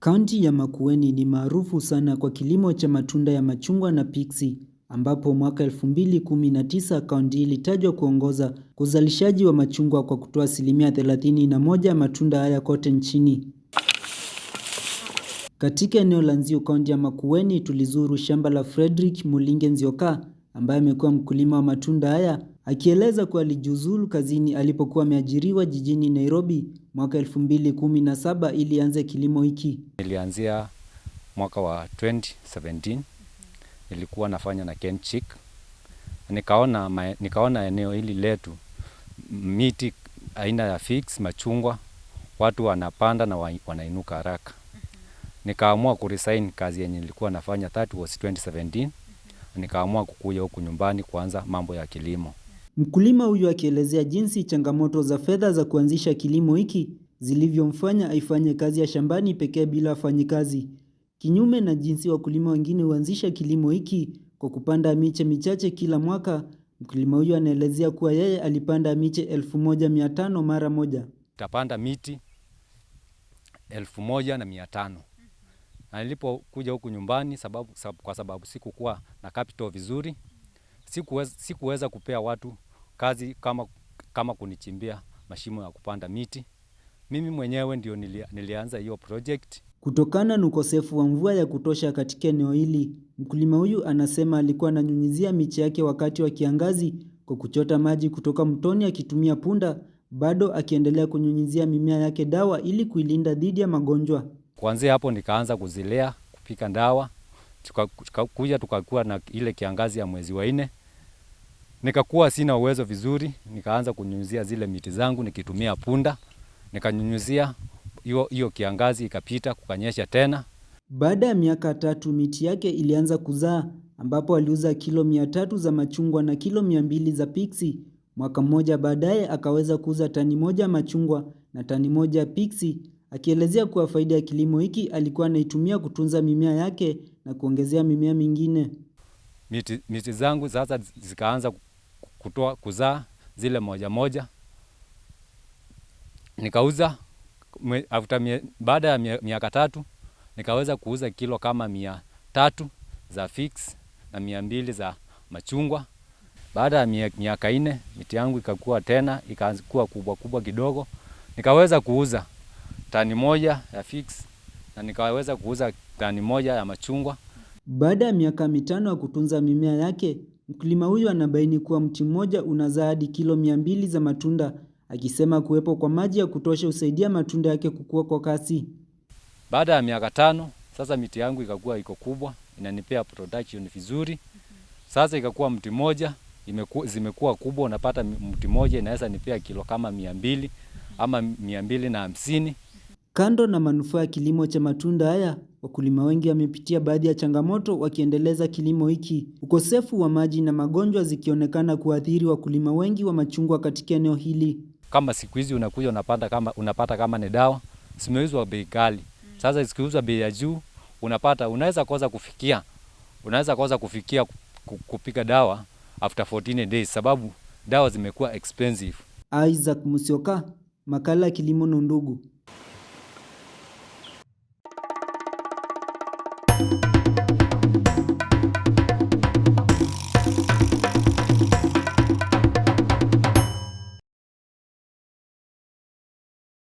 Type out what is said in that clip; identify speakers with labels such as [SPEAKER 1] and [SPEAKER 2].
[SPEAKER 1] Kaunti ya Makueni ni maarufu sana kwa kilimo cha matunda ya machungwa na pixi ambapo mwaka 2019 kaunti ilitajwa kuongoza kwa uzalishaji wa machungwa kwa kutoa asilimia 31 ya matunda haya kote nchini. Katika eneo la Nzio kaunti ya Makueni tulizuru shamba la Frederick Mulinge Nzioka ambaye amekuwa mkulima wa matunda haya akieleza kuwa alijiuzulu kazini alipokuwa ameajiriwa jijini Nairobi mwaka 2017 ili anze kilimo hiki. Nilianzia mwaka wa 2017 nilikuwa nafanya na kenchik nikaona, nikaona eneo hili letu miti aina ya fix machungwa watu wanapanda na wanainuka haraka nikaamua kuresign kazi yenye nilikuwa nafanya, that was 2017. Nikaamua kukuja huku nyumbani kuanza mambo ya kilimo.
[SPEAKER 2] Mkulima huyu akielezea jinsi changamoto za fedha za kuanzisha kilimo hiki zilivyomfanya aifanye kazi ya shambani pekee bila wafanyikazi, kinyume na jinsi wakulima wengine huanzisha kilimo hiki kwa kupanda miche michache kila mwaka. Mkulima huyu anaelezea kuwa yeye alipanda miche 1500 mara moja.
[SPEAKER 1] Tapanda miti 1500 na nilipokuja huku nyumbani sababu, sababu, kwa sababu sikukuwa na capital vizuri, sikuweza, sikuweza kupea watu kazi kama, kama kunichimbia mashimo ya kupanda miti. Mimi mwenyewe ndio nilianza hiyo project.
[SPEAKER 2] Kutokana na ukosefu wa mvua ya kutosha katika eneo hili, mkulima huyu anasema alikuwa ananyunyizia miche yake wakati wa kiangazi kwa kuchota maji kutoka mtoni akitumia punda, bado akiendelea kunyunyizia mimea yake dawa ili kuilinda dhidi ya magonjwa.
[SPEAKER 1] Kuanzia hapo nikaanza kuzilea, kupika ndawa, tukakuja tukakuwa na ile kiangazi ya mwezi wa nne, nikakuwa sina uwezo vizuri, nikaanza kunyunyuzia zile miti zangu nikitumia punda, nikanyunyuzia hiyo hiyo, kiangazi ikapita, kukanyesha tena.
[SPEAKER 2] Baada ya miaka tatu miti yake ilianza kuzaa, ambapo aliuza kilo mia tatu za machungwa na kilo mia mbili za pixi. Mwaka mmoja baadaye akaweza kuuza tani moja machungwa na tani moja pixi Akielezea kuwa faida ya kilimo hiki alikuwa anaitumia kutunza mimea yake na kuongezea mimea mingine.
[SPEAKER 1] Miti, miti zangu sasa zikaanza kutoa kuzaa zile moja moja, nikauza baada ya miaka tatu nikaweza kuuza kilo kama mia tatu za fix na mia mbili za machungwa. Baada ya miaka nne miti yangu ikakua tena ikakuwa kubwa kubwa kidogo, nikaweza kuuza tani moja ya fix na nikaweza kuuza tani moja ya machungwa.
[SPEAKER 2] Baada ya miaka mitano ya kutunza mimea yake, mkulima huyu anabaini kuwa mti mmoja unazaa hadi kilo mia mbili za matunda, akisema kuwepo kwa maji ya kutosha husaidia matunda yake kukua kwa kasi.
[SPEAKER 1] Baada ya miaka tano sasa miti yangu ikakuwa iko kubwa, inanipea production vizuri. Sasa ikakuwa mti mmoja zimekuwa kubwa, unapata mti mmoja inaweza nipea kilo kama mia mbili ama mia mbili na hamsini.
[SPEAKER 2] Kando na manufaa ya kilimo cha matunda haya, wakulima wengi wamepitia baadhi ya changamoto wakiendeleza kilimo hiki. Ukosefu wa maji na magonjwa zikionekana kuathiri wakulima wengi wa machungwa katika eneo hili.
[SPEAKER 1] Kama siku hizi unakuja unapata kama, unapata kama ni dawa zimeuzwa bei ghali. Mm. Sasa zikiuzwa bei ya juu, unapata unaweza kosa kufikia unaweza kosa kufikia kupiga dawa after 14 days sababu dawa zimekuwa expensive.
[SPEAKER 2] Isaac Musioka, makala ya kilimo na Undugu.